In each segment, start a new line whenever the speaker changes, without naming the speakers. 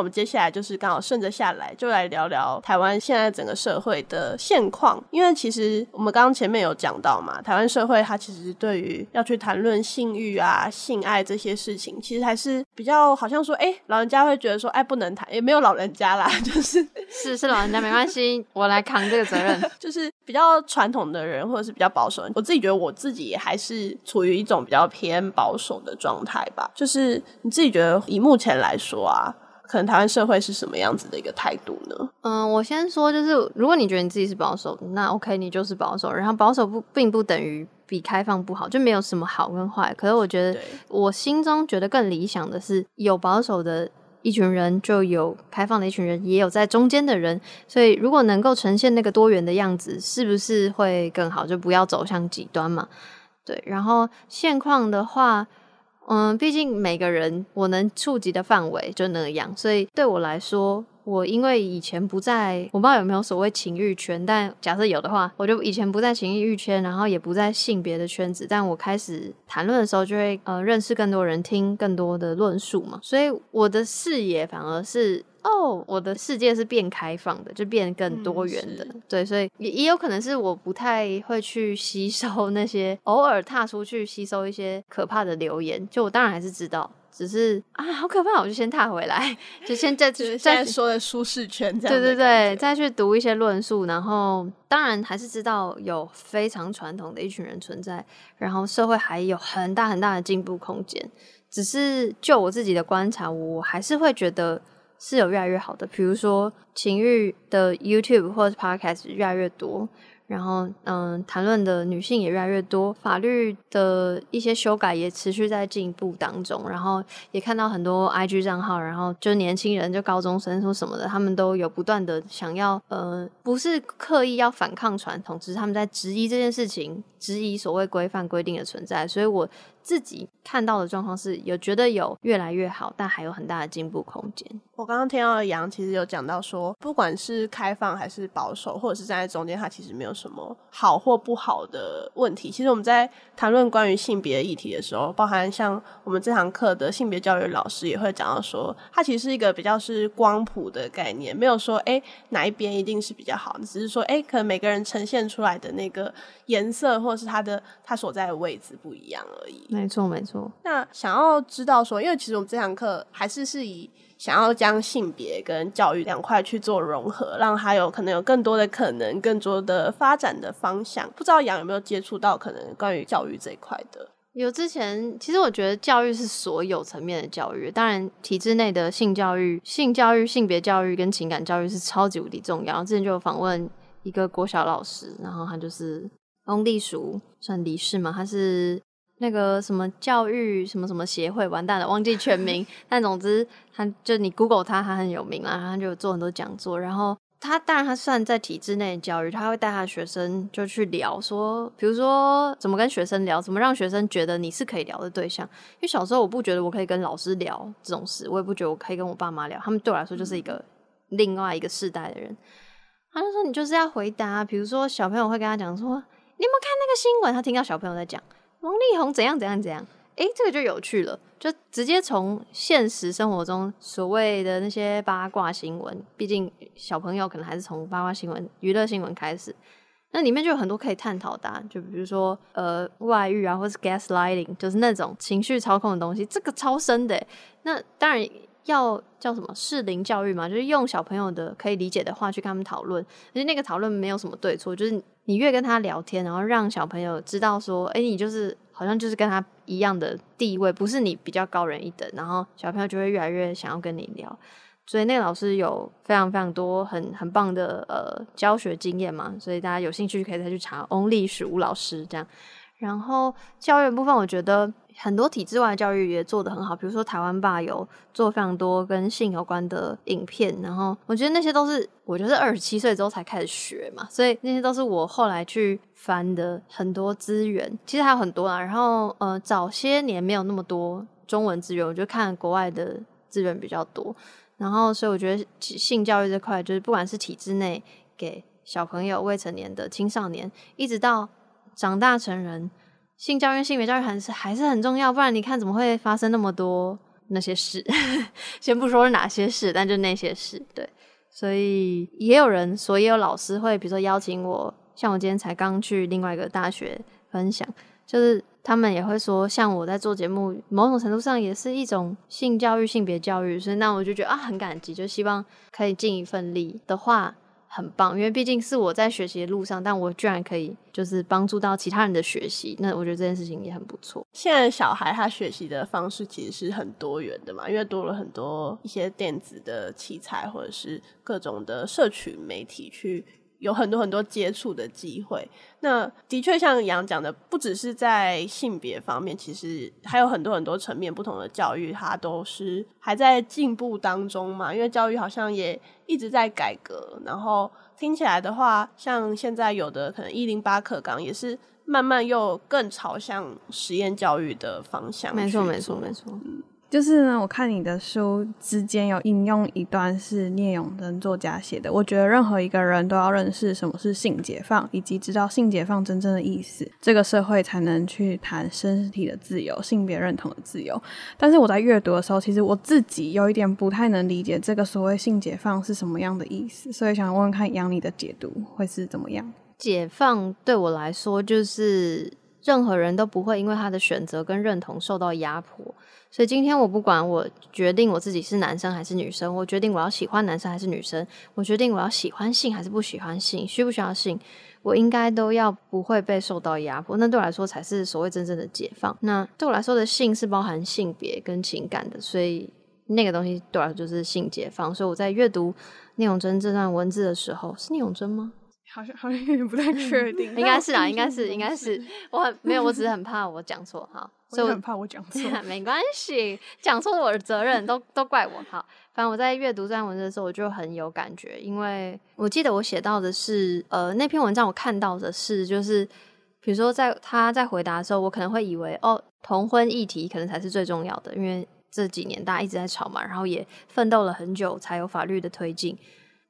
我們接下來就是剛好順着下來，就來聊聊台灣現在整個社會的現況。因為其實我們剛剛前面有講到嘛，台灣社會它其實對於要去談論性慾啊、性愛這些事情，其實還是比較好像說，哎，老人家會覺得說，哎，不能談，也沒有老人家啦，就是是是老人家沒關係，
我來扛這個責任。
就是比較傳統的人，或者是比較保守的人，我自己覺得我自己還是處於一種比較偏保守的狀態吧。就是你自己覺得以目前來說啊，可能台灣社會是什麼樣子的一個態度呢？嗯，
我先說，就是如果你覺得你自己是保守的，那 OK，你就是保守。然後保守不並不等於比開放不好，就沒有什麼好跟壞。可是我覺得，對我心中覺得更理想的是，有保守的一群人，就有開放的一群人，也有在中間的人。所以，如果能夠呈現那個多元的樣子，是不是會更好？就不要走向極端嘛。對，然後現況的話。嗯，畢竟每個人我能觸及的範圍就那樣，所以對我來說，我因為以前不在，我不知道有沒有所謂情欲圈，但假設有的話，我就以前不在情欲圈，然後也不在性別的圈子，但我開始談論的時候，就會呃認識更多人，聽更多的論述嘛，所以我的視野反而是。哦，我的世界是變開放的，就變更多元的。嗯、對，所以也也有可能是我不太會去吸收那些偶爾踏出去吸收一些可怕的留言。就我當然還是知道，只是啊，好可怕，我就先踏回來，就先再、再在再說的舒適圈，對對對，再去讀一些論述，然後當然還是知道有非常傳統的一群人存在，然後社會還有很大很大的進步空間。只是就我自己的觀察，我還是會覺得。是有越來越好的，比如說情欲的 YouTube 或者是 Podcast 越來越多，然後嗯、呃，談論的女性也越來越多，法律的一些修改也持續在進步當中，然後也看到很多 IG 賬號，然後就年輕人就高中生說什麼的，他們都有不斷的想要，呃，不是刻意要反抗傳統，只是他們在質疑這件事情。質疑所謂規範規定的存在，所以我自己看到的狀況是有覺得有越來越好，但還有很大的進步空間。我剛剛聽到楊其實
有講到說，不管是開放還是保守，或者是站在中間，它其實沒有什麼好或不好的問題。其實我們在談論關於性別議題的時候，包含像我們這堂課的性別教育老師也會講到說，它其實是一個比較是光譜的概念，沒有說，欸，哪一邊一定是比較好，只是說，欸，可能每個人呈現出來的那個顏色或。或是他的他所在的位置不一樣而已。
沒錯，沒錯。
那想要知道說，因為其實我們這堂課還是是以想要將性別跟教育兩塊去做融合，讓他有可能有更多的可能，更多的發展的方向。不知道楊有沒有接觸到可能關於教育這一塊的？
有之前，其實我覺得教育是所有層面的教育，當然體制內的性教育、性教育、性別教育跟情感教育是超級無敵重要。之前就有訪問一個國小老師，然後他就是。翁麗淑，算理事嘛。他是那個什麼教育什麼什麼協會，完蛋了，忘記全名。 但總之，他就你 Google 他，他很有名啦。他就有做很多講座。然後他當然他算在體制內教育，他會帶他的學生就去聊說，說比如說怎麼跟學生聊，怎麼讓學生覺得你是可以聊的對象。因為小時候我不覺得我可以跟老師聊這種事，我也不覺得我可以跟我爸媽聊，他們對我來說就是一個另外一個世代的人。嗯、他就說你就是要回答，比如說小朋友會跟他講說。你有沒有看那個新聞？他聽到小朋友在講王力宏怎樣怎樣怎樣。誒、欸、這個就有趣了，就直接從現實生活中所謂的那些八卦新聞，畢竟小朋友可能還是從八卦新聞、娛樂新聞開始。那裡面就有很多可以探討的、啊，就比如說呃，外遇啊，或者是 gaslighting，就是那種情緒操控的東西，這個超深的、欸。那當然要叫什麼適齡教育嘛，就是用小朋友的可以理解的話去跟他們討論，而且那個討論沒有什麼對錯，就是。你越跟他聊天，然後讓小朋友知道說，哎，你就是好像就是跟他一樣的地位，不是你比較高人一等，然後小朋友就會越來越想要跟你聊。所以那個老師有非常非常多很很棒的呃教學經驗嘛，所以大家有興趣可以再去查 Only 是吳老師這樣。然後教育部分，我覺得。很多體制外教育也做得很好，比如說台灣吧，有做非常多跟性有關的影片，然後我覺得那些都是，我就是二十七歲之後才開始學嘛，所以那些都是我後來去翻的很多資源，其實還有很多啦。然後呃，早些年沒有那麼多中文資源，我就看國外的資源比較多。然後所以我覺得性教育這塊，就是不管是體制內給小朋友、未成年的青少年，一直到長大成人。性教育、性別教育還是還是很重要，不然你看怎麼會發生那麼多那些事？ 先不說哪些事，但就那些事，對，所以也有人說，所以也有老師會，比如說邀請我，像我今天才剛去另外一個大學分享，就是他們也會說，像我在做節目，某種程度上也是一種性教育、性別教育，所以那我就覺得啊，很感激，就希望可以盡一份力的話。很棒，因為畢竟是我在學習的路上，但我居然可以就是幫助到其他人的學習，那我覺得這件事情也很不錯。現在小孩他學習的方式其實是很多元的嘛，
因為多了很多一些電子的器材，或者是各種的社群媒體去。有很多很多接觸的機會，那的確像楊講的，不只是在性別方面，其實還有很多很多層面不同的教育，它都是還在進步當中嘛。因為教育好像也一直在改革，然後聽起來的話，像現在有的可能一零八課綱也是慢慢又更朝向實驗教育的方向沒錯。沒錯，沒錯，沒錯，嗯。
就是呢，我看你的書之間有引用一段是聶永真作家寫的，我覺得任何一個人都要認識什麼是性解放，以及知道性解放真正的意思，這個社會才能去談身體的自由、性別認同的自由。但是我在閱讀的時候，其實我自己有一點不太能理解這個所謂性解放是什麼樣的意思，所以想問問看
揚你的解讀會是怎麼樣？解放對我來說，就是任何人都不會因為他的選擇跟認同受到壓迫。所以今天我不管我決定我自己是男生還是女生，我決定我要喜歡男生還是女生，我決定我要喜歡性還是不喜歡性，需不需要性，我應該都要不會被受到壓迫，那對我來說才是所謂真正的解放。那對我來說的性是包含性別跟情感的，所以那個東西對我來說就是性解放。所以我在閱讀聶永真這段文字的時候，是聶永真嗎？好像好像有點不太確定， 應該是啦，應該是應該是，我很沒有，我只是很怕我講錯哈， 所以我我很怕我講錯，沒關係，講錯我的責任，都都怪我。哈。反正我在閱讀這篇文的時候，我就很有感覺，因為我記得我寫到的是，呃，那篇文章我看到的是，就是比如說在他在回答的時候，我可能會以為哦，同婚議題可能才是最重要的，因為這幾年大家一直在吵嘛，然後也奮鬥了很久才有法律的推進。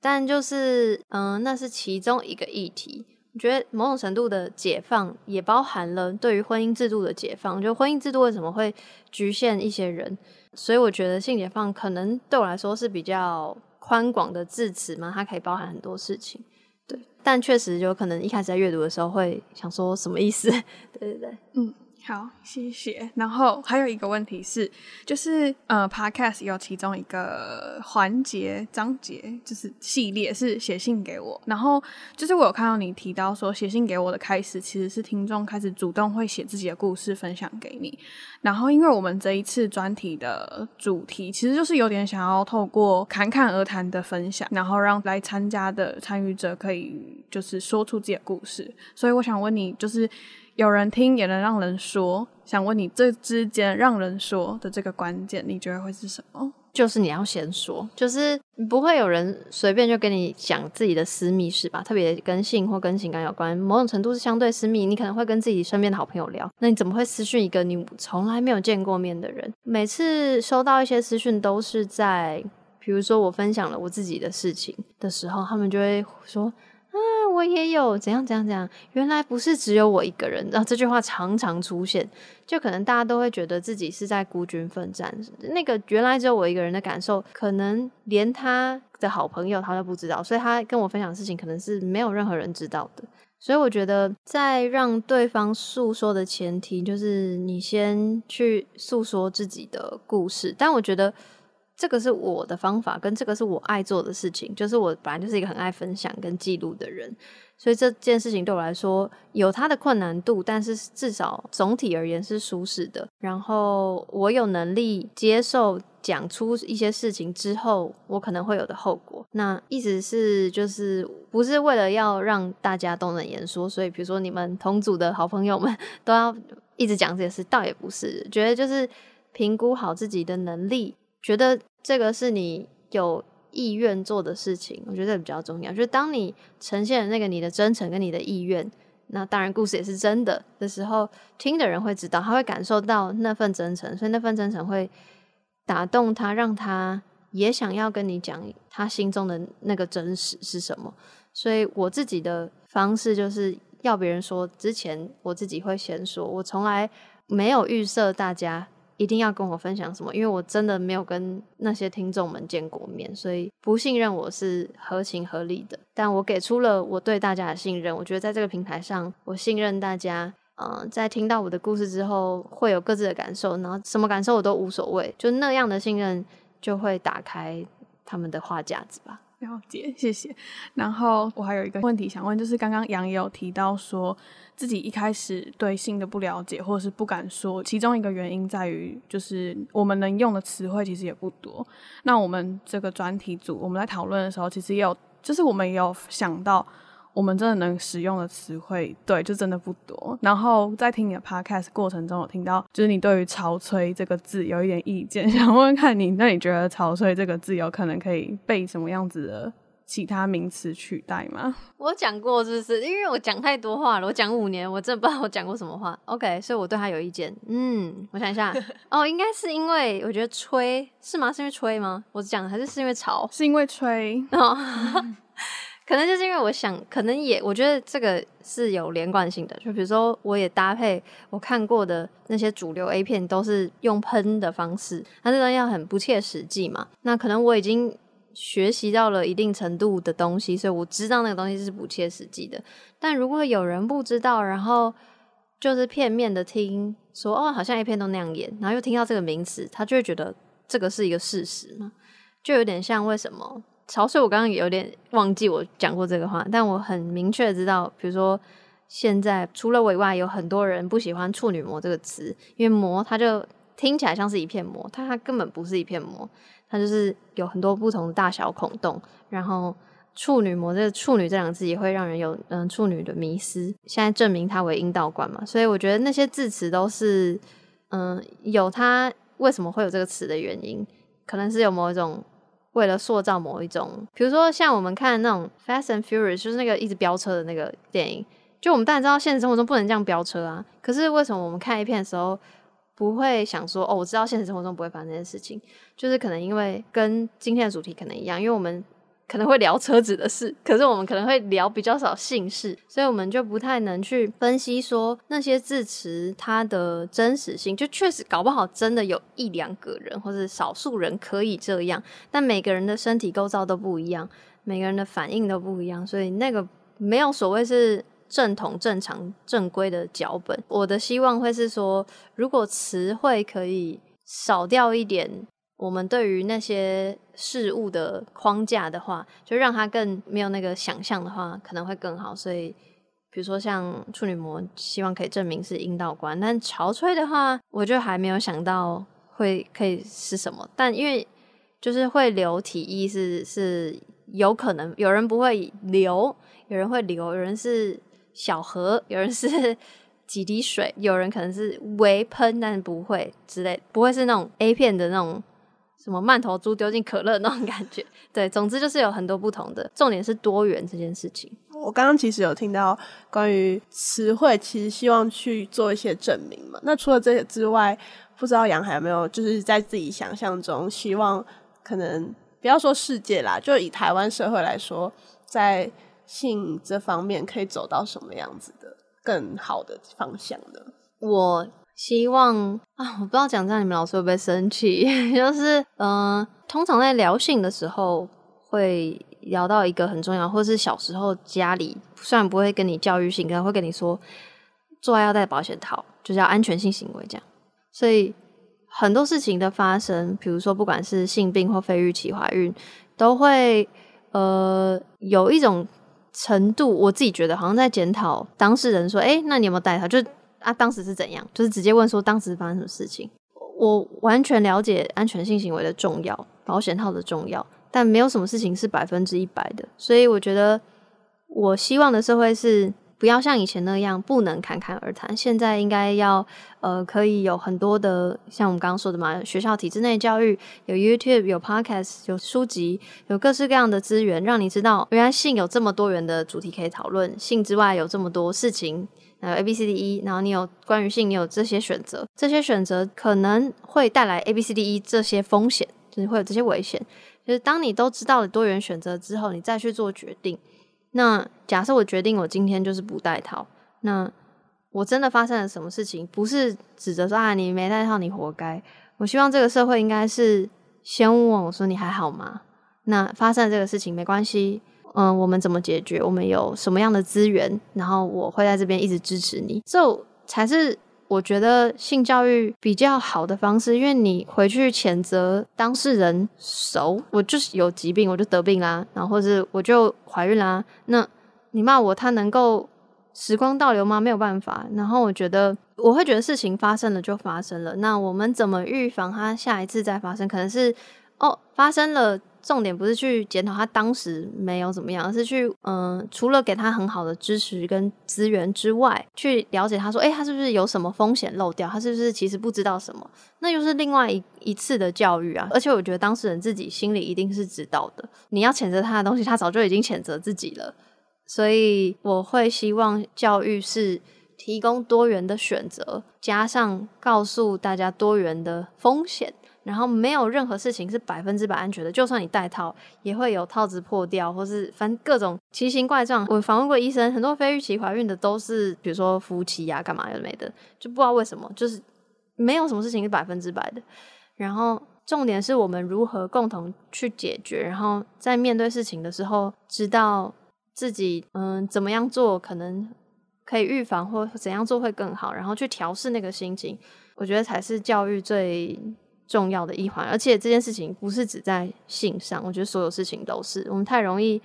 但就是，嗯，那是其中一個議題。我覺得某種程度的解放也包含了對於婚姻制度的解放。就婚姻制度為什麼會侷限一些人？所以我覺得性解放可能對我來說是比較寬廣的字詞嘛，它可以包含很多事情。對，但確實有可能一開始在閱讀的時候會想說什麼意思？對對
對，嗯。好，謝謝。然後還有一個問題是，就是呃，Podcast 有其中一個環節、章節，就是系列是寫信給我。然後就是我有看到你提到說，寫信給我的開始其實是聽眾開始主動會寫自己的故事分享給你。然後，因為我們這一次專題的主題，其實就是有點想要透過侃侃而談的分享，然後讓來參加的參與者可以就是說出自己的故事。所以我想問你，就是。有人聽也能讓人說，想問你這之間讓人說的這個關鍵，你覺得會是什
麼？就是你要先說，就是不會有人隨便就跟你講自己的私密事吧，特別跟性或跟情感有關，某種程度是相對私密。你可能會跟自己身邊的好朋友聊，那你怎麼會私訊一個你從來沒有見過面的人？每次收到一些私訊，都是在比如說我分享了我自己的事情的時候，他們就會說。啊，我也有怎樣怎樣怎樣，原來不是只有我一個人。然後這句話常常出現，就可能大家都會覺得自己是在孤軍奮戰。那個原來只有我一個人的感受，可能連他的好朋友他都不知道，所以他跟我分享的事情，可能是沒有任何人知道的。所以我覺得，在讓對方訴說的前提，就是你先去訴說自己的故事。但我覺得。這個是我的方法，跟這個是我愛做的事情，就是我本來就是一個很愛分享跟記錄的人，所以這件事情對我來說有它的困難度，但是至少總體而言是舒適的。然後我有能力接受講出一些事情之後，我可能會有的後果。那意思是，就是不是為了要讓大家都能言說，所以比如說你們同組的好朋友們都要一直講這件事，倒也不是，覺得就是評估好自己的能力，覺得。這個是你有意願做的事情，我覺得這比較重要。就是當你呈現那個你的真誠跟你的意願，那當然故事也是真的的時候，聽的人會知道，他會感受到那份真誠，所以那份真誠會打動他，讓他也想要跟你講他心中的那個真實是什麼。所以我自己的方式就是要別人說之前，我自己會先說，我從來沒有預設大家，一定要跟我分享什麼。因為我真的沒有跟那些聽眾們見過面，所以不信任我是合情合理的。但我給出了我對大家的信任，我覺得在這個平台上，我信任大家。嗯、呃，在聽到我的故事之後，會有各自的感受，然後什麼感受我都無所謂。就那樣的信任，就會打開他們的話匣子吧。了解，謝謝。然後
我還有一個問題想問，就是剛剛楊也有提到說。自己一開始對性的不了解，或者是不敢說，其中一個原因在於，就是我們能用的詞彙其實也不多。那我們這個專題組，我們在討論的時候，其實也有，就是我們也有想到，我們真的能使用的詞彙，對，就真的不多。然後在聽你的 podcast 過程中，有聽到，就是你對於“潮吹”這個字有一點意見， 想問問看你，那你覺得“潮吹”這個字有可能可以被什麼樣子的其他名詞取代
嗎？我講過是不是，就是因為我講太多話了。我講五年，我真的不知道我講過什麼話。OK，所以我對他有意見。嗯，我想一下， 哦，應該是因為我覺得吹是嗎？是因為吹嗎？我講還是是因為潮？是因為吹？哦嗯、 可能就是因為我想，可能也我覺得這個是有連貫性的。就比如說，我也搭配我看過的那些主流 A 片，都是用噴的方式，那這個要很不切實際嘛。那可能我已經。學習到了一定程度的東西，所以我知道那個東西是不切實際的。但如果有人不知道，然後就是片面的聽說，哦，好像一片都那樣演，然後又聽到這個名詞，他就會覺得這個是一個事實嘛，就有點像為什麼潮水。我剛剛也有點忘記我講過這個話，但我很明確的知道，比如說現在除了我以外，有很多人不喜歡“處女膜”這個詞，因為“膜”它就聽起來像是一片膜，但它根本不是一片膜。它就是有很多不同的大小孔洞，然後處女膜，這個處女這兩個字也會讓人有嗯處女的迷思。現在正名它為陰道冠嘛，所以我覺得那些字詞都是嗯有它為什麼會有這個詞的原因，可能是有某一種為了塑造某一種，比如說像我們看那種 Fast and Furious 就是那個一直飆車的那個電影，就我們當然知道現實生活中不能這樣飆車啊，可是為什麼我們看 A 片的時候？不會想說哦，我知道現實生活中不會發生這件事情，就是可能因為跟今天的主題可能一樣，因為我們可能會聊車子的事，可是我們可能會聊比較少性事，所以我們就不太能去分析說那些字詞它的真實性。就確實搞不好真的有一兩個人或者少數人可以這樣，但每個人的身體構造都不一樣，每個人的反應都不一樣，所以那個沒有所謂是。正統、正常、正規的腳本，我的希望會是說，如果詞彙可以少掉一點，我們對於那些事物的框架的話，就讓它更沒有那個想象的話，可能會更好。所以，比如說像處女膜，希望可以證明是陰道冠，但潮吹的話，我就還沒有想到會可以是什麼。但因為就是會流體液是，是有可能，有人不會流，有人會流，有人是。小河，有人是幾滴水，有人可能是微噴，但是不會之類，不會是那種 A 片的那種什麼曼陀珠丟進可樂那種感覺。對，總之就是有很多不同的，重點是多元這件
事情。我剛剛其實有聽到關於詞彙，其實希望去做一些證明嘛。那除了這些之外，不知道揚還有沒有就是在自己想象中，希望可能不要說世界啦，就以台灣社會來說，在性這方面可以走到什麼樣子的更好的方向呢？
我希望啊，我不知道講這樣你們老師會不會生氣。 就是嗯、呃，通常在聊性的時候會聊到一個很重要，或是小時候家裡雖然不會跟你教育性，可能會跟你說做愛要戴保險套，就是要安全性行為這樣。所以很多事情的發生，比如說不管是性病或非預期懷孕，都會呃有一種。程度我自己覺得好像在檢討當事人說，誒、欸、那你有沒有帶套？就啊，當時是怎樣？就是直接問說當時發生什麼事情。我完全了解安全性行為的重要，保險套的重要，但沒有什麼事情是百分之一百的。所以我覺得，我希望的社會是。不要像以前那樣不能侃侃而談，現在應該要呃，可以有很多的，像我們剛剛說的嘛，學校體制內教育有 YouTube，有 Podcast，有書籍，有各式各樣的資源，讓你知道原來性有這麼多元的主題可以討論，性之外有這麼多事情，有 A B C D E，然後你有關於性，你有這些選擇，這些選擇可能會帶來 A B C D E 這些風險，就是會有這些危險。就是當你都知道了多元選擇之後，你再去做決定。那假設我決定我今天就是不戴套，那我真的發生了什麼事情，不是指着說啊，你沒戴套，你活該。我希望這個社會應該是先問我說，你還好嗎？那發生了這個事情沒關係，嗯、呃，我們怎麼解決？我們有什麼樣的資源？然後我會在這邊一直支持你，這、so, 才是。我覺得性教育比較好的方式，因為你回去譴責當事人熟，熟我就是有疾病，我就得病啦，啊，然後或是我就懷孕啦，啊，那你罵我，他能夠時光倒流嗎？沒有辦法。然後我覺得，我會覺得事情發生了就發生了，那我們怎麼預防它下一次再發生？可能是哦，發生了。重點不是去檢討他當時沒有怎麼樣，而是去嗯、呃，除了給他很好的支持跟資源之外，去了解他說，誒、欸，他是不是有什麼風險漏掉？他是不是其實不知道什麼？那又是另外一一次的教育啊！而且我覺得當事人自己心裡一定是知道的。你要譴責他的東西，他早就已經譴責自己了。所以我會希望教育是提供多元的選擇，加上告訴大家多元的風險。然後沒有任何事情是百分之百安全的，就算你戴套也會有套子破掉，或是反正各種奇形怪狀。我訪問過醫生，很多非預期懷孕的都是，比如說夫妻呀、啊，幹嘛又沒的，就不知道為什麼，就是沒有什麼事情是百分之百的。然後重點是我們如何共同去解決，然後在面對事情的時候，知道自己嗯、呃、怎麼樣做可能可以預防，或怎樣做會更好，然後去調試那個心情，我覺得才是教育最。重要的一環，而且這件事情不是只在性上，我覺得所有事情都是。我們太容易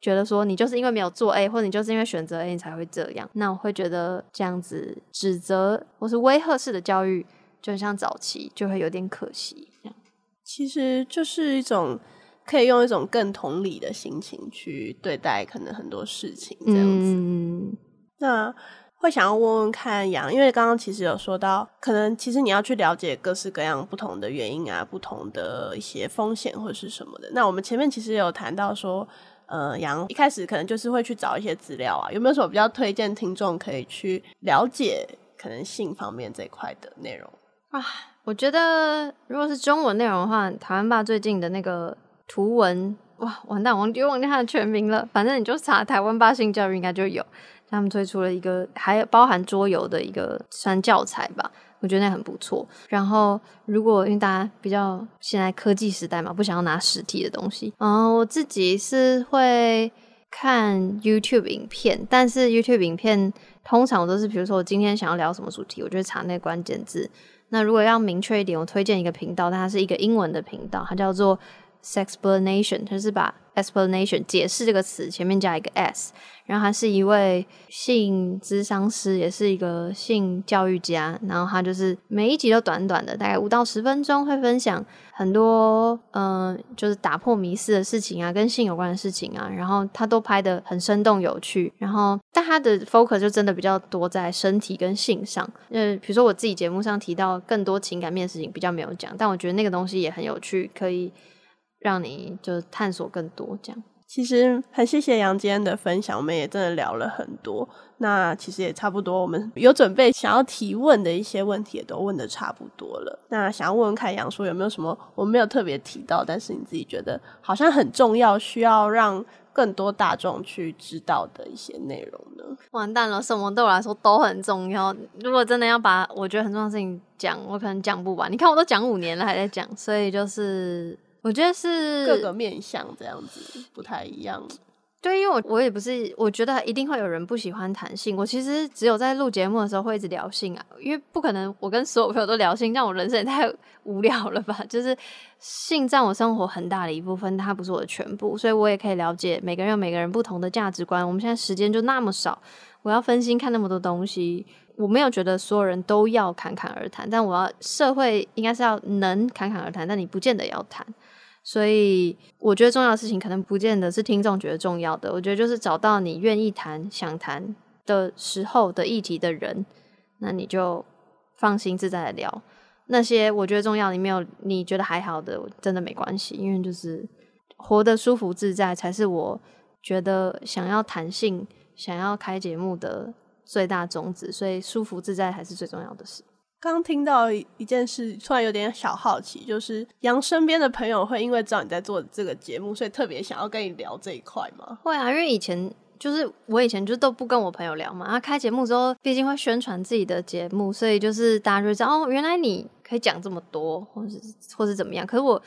覺得說，你就是因為沒有做 A，或者你就是因為選擇 A 你才會這樣。那我會覺得這樣子指責或是威嚇式的教育，就很像早期，就會有點可惜。其實
就是一種可以用一種更同理的心情去對待可能很多事情這
樣
子。嗯，那。會想要問問看楊，因為剛剛其實有說到，可能其實你要去了解各式各樣不同的原因啊，不同的一些風險或者是什麼的。那我們前面其實有談到說，呃，楊一開始可能就是會去找一些資料啊，有沒有什麼比較推薦聽眾可以去了解可能性方面這塊的內容啊？
我覺得如果是中文內容的話，台灣吧最近的那個圖文哇，完蛋，我又忘記他的全名了，反正你就查台灣吧性教育應該就有。他們推出了一個，還有包含桌遊的一個算教材吧，我覺得那很不錯。然後，如果因為大家比較現在科技時代嘛，不想要拿實體的東西啊、嗯，我自己是會看 YouTube 影片，但是 YouTube 影片通常都是，比如說我今天想要聊什麼主題，我就會查那個關鍵字。那如果要明確一點，我推薦一個頻道，但它是一個英文的頻道，它叫做。Sexplanation 就是把 explanation 解釋這個詞前面加一個 s，然後他是一位性諮商師，也是一個性教育家。然後他就是每一集都短短的，大概五到十分鐘，會分享很多嗯、呃，就是打破迷思的事情啊，跟性有關的事情啊。然後他都拍的很生動有趣。然後但他的 focus 就真的比較多在身體跟性上，因為比如說我自己節目上提到更多情感面的事情比較沒有講，但我覺得那個東西也很有趣，可以。讓你就是探索更多這樣，其實很謝謝楊今天的分
享，我們也真的聊了很多。那其實也差不多，我們有準備想要提問的一些問題也都問得差不多了。那想要問問看楊說有沒有什麼我沒有特別提到，但是你自己覺得好像很重要，需要讓更多大眾去知道的一些內容呢？
完蛋了，什麼對我來說都很重要。如果真的要把我覺得很重要的事情講，我可能講不完。你看我都講五年了還在講，所以就是。我覺得是各個面向這樣子不太一樣，對，因為我我也不是，我覺得一定會有人不喜歡談性。我其實只有在錄節目的時候會一直聊性啊，因為不可能我跟所有朋友都聊性，讓我人生也太無聊了吧？就是性佔我生活很大的一部分，它不是我的全部，所以我也可以了解每個人有每個人不同的價值觀。我們現在時間就那麼少，我要分心看那麼多東西，我沒有覺得所有人都要侃侃而談，但我要社會應該是要能侃侃而談，但你不見得要談。所以我覺得重要的事情，可能不見得是聽眾覺得重要的。我覺得就是找到你願意談、想談的時候的議題的人，那你就放心自在的聊。那些我覺得重要，你沒有，你覺得還好的，真的沒關係。因為就是活得舒服自在，才是我覺得想要談性、想要開節目的最大宗旨。所以舒服自在才是最重要的事。
剛聽到一件事，突然有點小好奇，就是楊身邊的朋友會因為知道你在做這個節目，所以特別想要跟你聊這一塊嗎？
會啊，因為以前就是我以前就是都不跟我朋友聊嘛。他、啊、開節目之後，畢竟會宣傳自己的節目，所以就是大家就會知道哦，原來你可以講這麼多，或是或是怎麼樣。可是我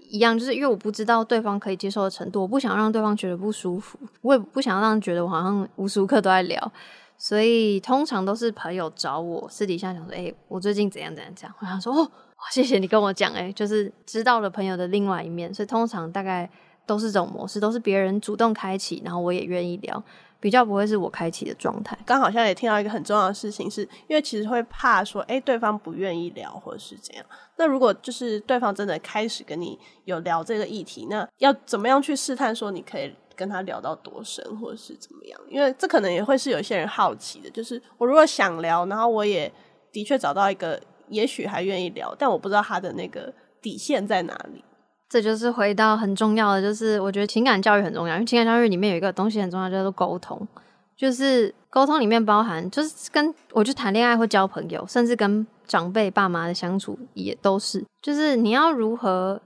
一樣，就是因為我不知道對方可以接受的程度，我不想讓對方覺得不舒服，我也不想讓人覺得我好像無時無刻都在聊。所以通常都是朋友找我，私底下想說，哎、欸，我最近怎樣怎樣這樣。我想說，哦，謝謝你跟我講，哎、欸，就是知道了朋友的另外一面。所以通常大概都是這種模式，都是別人主動開啟，然後我也願意聊，比較不會是我開啟的狀態。剛好像也聽到一個很重要的事情是，是因為其實會怕
說，哎、欸，對方不願意聊或者是怎樣。那如果就是對方真的開始跟你有聊這個議題，那要怎麼樣去試探說你可以？跟他聊到多深，或是怎麼樣？因為這可能也會是有些人好奇的，就是我如果想聊，然後我也的確找到一個，也許還願意聊，但我不知道他的那個底線在哪裡。
這就是回到很重要的，就是我覺得情感教育很重要，因為情感教育裡面有一個東西很重要，叫做溝通。就是溝通裡面包含，就是跟我就談戀愛或交朋友，甚至跟長輩、爸媽的相處也都是，就是你要如何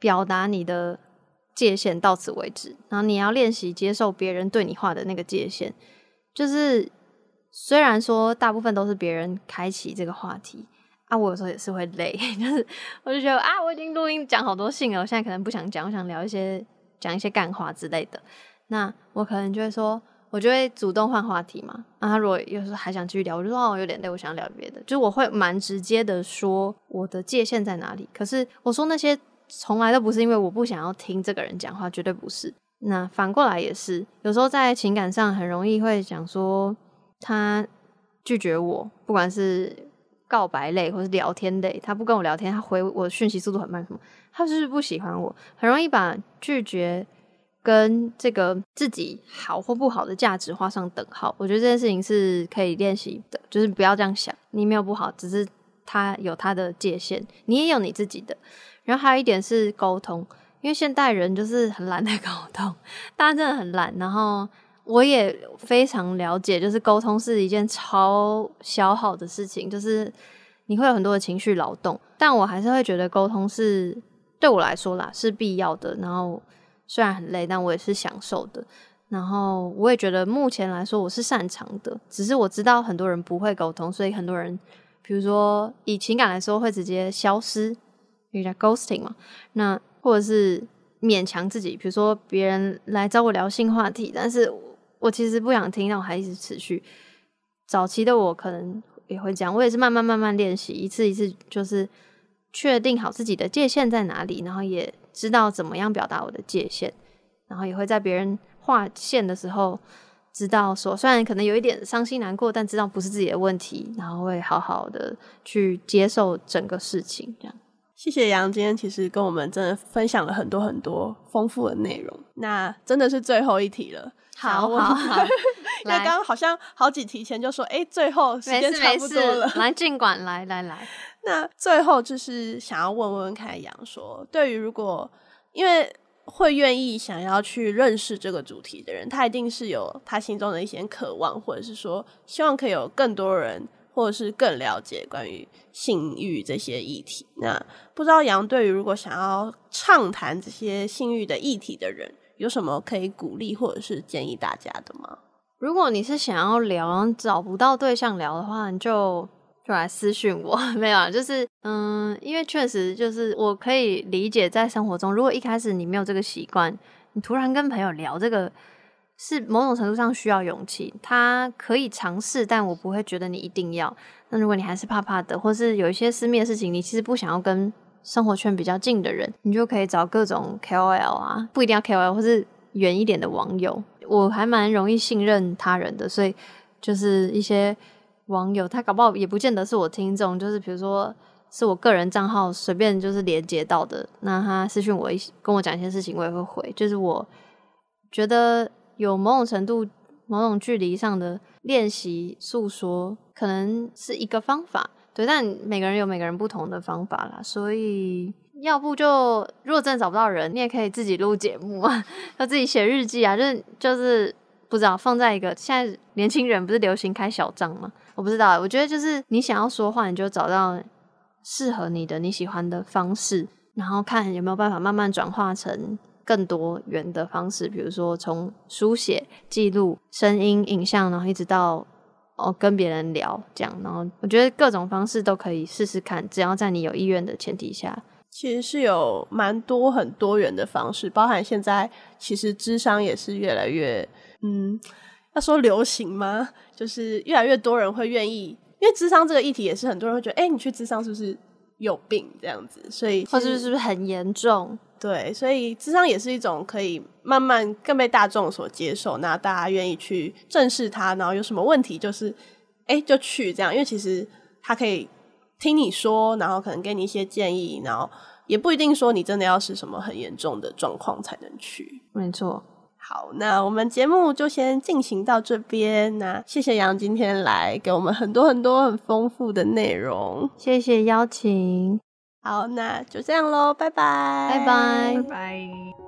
表達你的。界限到此為止，然後你要練習接受別人對你畫的那個界限。就是雖然說大部分都是別人開啟這個話題啊，我有時候也是會累，但、就是我就覺得啊，我已經錄音講好多信了，我現在可能不想講，我想聊一些講一些幹話之類的。那我可能就會說，我就會主動換話題嘛。那、啊、他如果有時候還想繼續聊，我就說哦，我有點累，我想聊別的。就我會蠻直接的說我的界限在哪裡。可是我說那些。從來都不是因為我不想要聽這個人講話，絕對不是。那反過來也是，有時候在情感上很容易會想說他拒絕我，不管是告白類或是聊天類，他不跟我聊天，他回我訊息速度很慢，什麼，他就是不喜歡我，很容易把拒絕跟這個自己好或不好的價值畫上等號。我覺得這件事情是可以練習的，就是不要這樣想，你沒有不好，只是。他有他的界限，你也有你自己的。然後還有一點是溝通，因為現代人就是很懶得溝通，大家真的很懶。然後我也非常了解，就是溝通是一件超消耗的事情，就是你會有很多的情緒勞動。但我還是會覺得溝通是對我來說啦，是必要的。然後雖然很累，但我也是享受的。然後我也覺得目前來說我是擅長的，只是我知道很多人不會溝通，所以很多人。比如說，以情感來說會直接消失，比較 ghosting 嘛。那或者是勉強自己，比如說別人來找我聊性話題，但是我其實不想聽，那我還一直持續。早期的我可能也會這樣，我也是慢慢慢慢練習，一次一次就是確定好自己的界限在哪裡，然後也知道怎麼樣表達我的界限，然後也會在別人劃線的時候。知道說，雖然可能有一點傷心難過，但知道不是自己的問題，然後會好好的去接受整個事情這樣。
謝謝楊，今天其實跟我們真的分享了很多很多豐富的內容。那真的是最後一題了，好好好，好好好，因為剛剛好像好幾題前就說，哎、欸，最後時間差不多了，沒事沒事，來，儘管來來來。來，那最後就是想要問問看楊說，對於如果因為。會願意想要去認識這個主題的人，他一定是有他心中的一些渴望，或者是說希望可以有更多人，或者是更了解關於性慾這些議題。那不知道楊對於如果想要暢談這些性慾的議題的人，有什麼可以鼓勵或者是建議大家的嗎？
如果你是想要聊，找不到對象聊的話，你就……就來私訊我。沒有啊，就是嗯，因為確實就是我可以理解，在生活中，如果一開始你沒有這個習慣，你突然跟朋友聊這個，是某種程度上需要勇氣。他可以嘗試，但我不會覺得你一定要。那如果你還是怕怕的，或是有一些私密的事情，你其實不想要跟生活圈比較近的人，你就可以找各種 KOL 啊，不一定要 KOL，或是遠一點的網友。我還蠻容易信任他人的，所以就是一些。網友他搞不好也不見得是我聽眾，就是比如說是我個人賬號隨便就是連接到的，那他私信我一跟我講一些事情，我也會回，就是我覺得有某種程度、某種距離上的練習訴說，可能是一個方法，對，但每個人有每個人不同的方法啦，所以要不就如果真的找不到人，你也可以自己錄節目啊，要自己寫日記啊，就是就是不知道放在一個現在年輕人不是流行開小賬嗎？我不知道，我覺得就是你想要說話，你就找到適合你的你喜歡的方式，然後看有沒有辦法慢慢轉化成更多元的方式，比如說從書寫、記錄、聲音、影像，然後一直到哦跟別人聊這樣，然後我覺得各種方式都可以試試看，只要在你有意願的前提下，
其實是有
蠻多很
多元的方式，包含現在其實諮商也是越來越嗯。他說流行嗎？就是越來越多人會願意，因為諮商這個議題也是很多人會覺得，哎、欸，你去諮商是不是有病這樣子？所以，或者是不是很嚴重？對，所以諮商也是一種可以慢慢更被大眾所接受，那大家願意去正視它，然後有什麼問題就是，哎、欸，就去這樣，因為其實他可以聽你說，然後可能給你一些建議，然後也不一定說你真的要是什麼很嚴重的狀況才能去。沒錯。好，那我們節目就先進行到這邊吶。那謝謝楊今天來給我們很多很多很豐富的內容，謝謝邀請。好，那就這樣嘍，拜拜，拜拜 bye，拜
拜。